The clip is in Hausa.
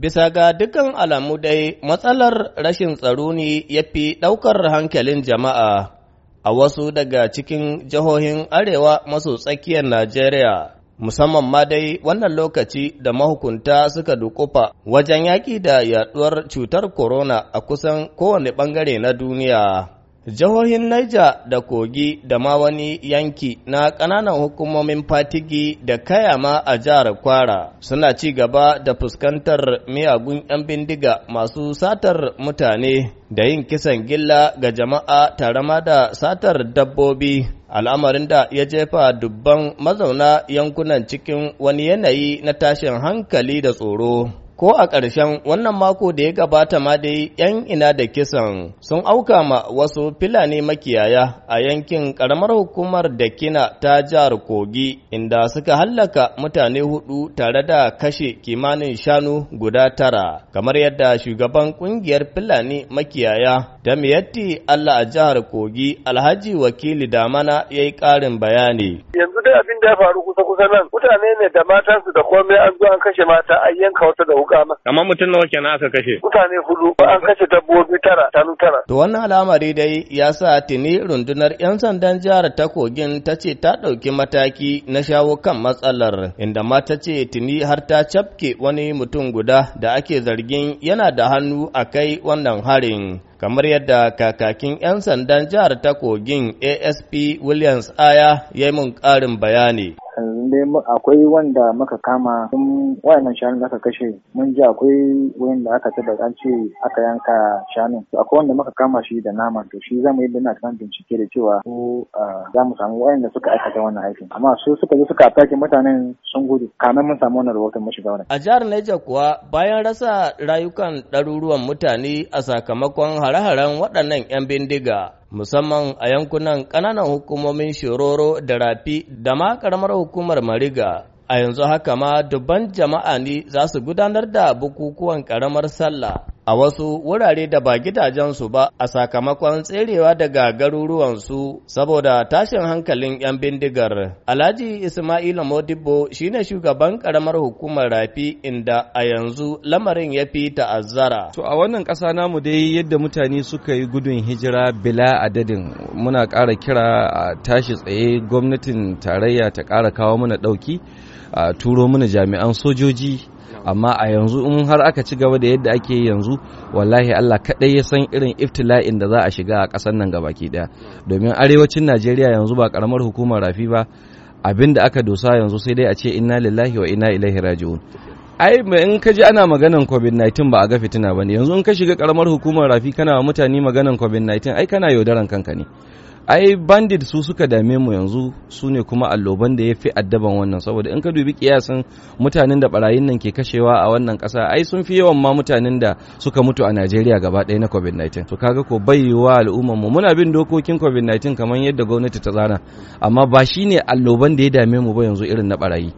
Bisa ga dukan alamu dai matsalar rashin tsaro ne ya fi ɗaukar hankalin jama'a a wasu daga cikin jihohin arewa maso tsakiyar Najeriya, musamman ma dai wannan lokaci da mahukunta suka dukufa wajen yaƙi da yaɗuwar cutar corona a kusan kowane ɓangare na duniya. Jihohin Niger da Kogi da ma wani yanki na ƙananan hukumomin Fatigi da Kayama a jihar Kwara suna ci gaba da fuskantar miyagun 'yan bindiga masu satar mutane da yin kisan gilla ga jama'a tare ma da satar dabbobi al'amarin da ya jefa dubban mazauna yankunan cikin wani yanayi na tashin hankali da tsoro. Ko a ƙarshen wannan mako da ya gabata ma dai 'yan ina da kisan sun auka ma wasu filani makiyaya a yankin ƙaramar hukumar da kina ta jihar Kogi inda suka hallaka mutane hudu tare da kashe kimanin shanu guda tara kamar yadda shugaban ƙungiyar Fulani makiyaya Da miyatti Allah a jihar Kogi Alhaji Wakili Damana ya yi ƙarin bayani. Yanzu dai abin da ya faru kusa kusa nan mutane ne da matansu da komai an zo an kashe mata a yanka wata da wuka Kamar mutum nawa kenan aka kashe? Mutane hudu an kashe dabba. dabbobi tara tara. To wannan al'amari dai ya sa tuni rundunar 'yan sandan jihar ta kogin ta ce ta ɗauki mataki na shawo kan matsalar inda ma ta ce tuni har ta cafke wani mutum guda da ake zargin yana da hannu a kai wannan harin. kamar yadda kakakin 'yan sandan jihar ta kogin asp williams aya ya yi mun ƙarin bayani yanzu dai akwai wanda muka kama sun wayannan shanun da aka kashe mun ji akwai da aka tabbata an ce aka yanka shanun akwai wanda muka kama shi da nama to shi zamu yi na kan bincike da cewa ko za mu samu wayanda suka aikata wannan aikin amma su suka zo suka atake mutanen sun gudu kamar mun samu wannan rahoton mu shiga wannan a jihar Niger kuwa bayan rasa rayukan ɗaruruwan mutane a sakamakon hare-haren waɗannan 'yan bindiga musamman a yankunan ƙananan hukumomin Shiroro da Rafi da ma ƙaramar hukumar Mariga. A yanzu haka ma dubban jama'a ne za su gudanar da bukukuwan ƙaramar sallah. a wasu wurare da ba gidajensu ba a sakamakon tserewa daga garuruwansu saboda tashin hankalin 'yan bindigar. Alhaji Ismailu Modibo shine shugaban karamar hukumar rafi inda a yanzu lamarin ya fi ta'azzara. To a wannan ƙasa namu dai yadda mutane suka yi gudun hijira bila adadin muna ƙara kira a tashi tsaye gwamnatin tarayya ta ƙara kawo mana ɗauki a turo mana jami'an sojoji amma a yanzu in har aka ci gaba da yadda ake yi yanzu wallahi Allah kaɗai ya san irin iftila'in da za a shiga a kasar nan gabaki daya domin arewacin Najeriya yanzu ba karamar hukumar rafi ba abin da aka dosa yanzu sai dai a ce inna lillahi wa inna ilaihi raji'un ai in ka ji ana maganar covid-19 ba a ga fitina ba ne yanzu in ka shiga karamar hukumar rafi kana wa mutane maganar covid-19 ai kana yaudaran kanka ne ai bandit su suka dame mu yanzu su ne kuma alloban da ya fi addaban wannan saboda in ka dubi kiyasin mutanen da barayin nan ke kashewa a wannan kasa ai sun fi yawan ma mutanen da suka mutu a Najeriya gaba ɗaya na COVID-19 to kaga ko baiwa al'umman mu muna bin dokokin COVID-19 kamar yadda gwamnati ta tsara amma ba shine alloban da ya dame mu ba yanzu irin na barayi